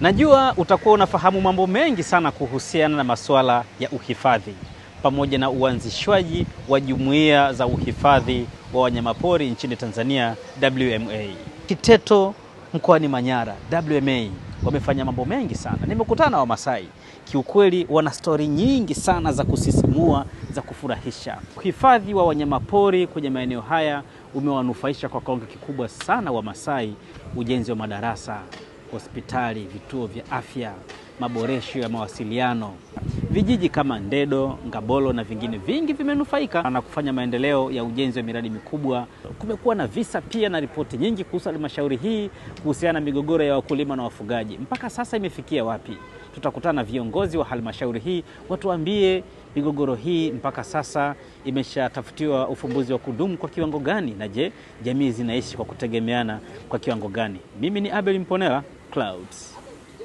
Najua utakuwa unafahamu mambo mengi sana kuhusiana na masuala ya uhifadhi pamoja na uanzishwaji wa jumuiya za uhifadhi wa wanyamapori nchini Tanzania WMA. Kiteto mkoani Manyara WMA wamefanya mambo mengi sana. Nimekutana na Wamasai, kiukweli wana stori nyingi sana za kusisimua, za kufurahisha. Uhifadhi wa wanyamapori kwenye maeneo haya umewanufaisha kwa kiwango kikubwa sana Wamasai, ujenzi wa madarasa hospitali, vituo vya afya, maboresho ya mawasiliano. Vijiji kama Ndedo, Ngabolo na vingine vingi vimenufaika na kufanya maendeleo ya ujenzi wa miradi mikubwa. Kumekuwa na visa pia na ripoti nyingi kuhusu halmashauri hii kuhusiana na migogoro ya wakulima na wafugaji. Mpaka sasa imefikia wapi? Tutakutana na viongozi wa halmashauri hii watuambie migogoro hii mpaka sasa imeshatafutiwa ufumbuzi wa kudumu kwa kiwango gani, na je, jamii zinaishi kwa kutegemeana kwa kiwango gani? Mimi ni Abel Mponela, Clouds.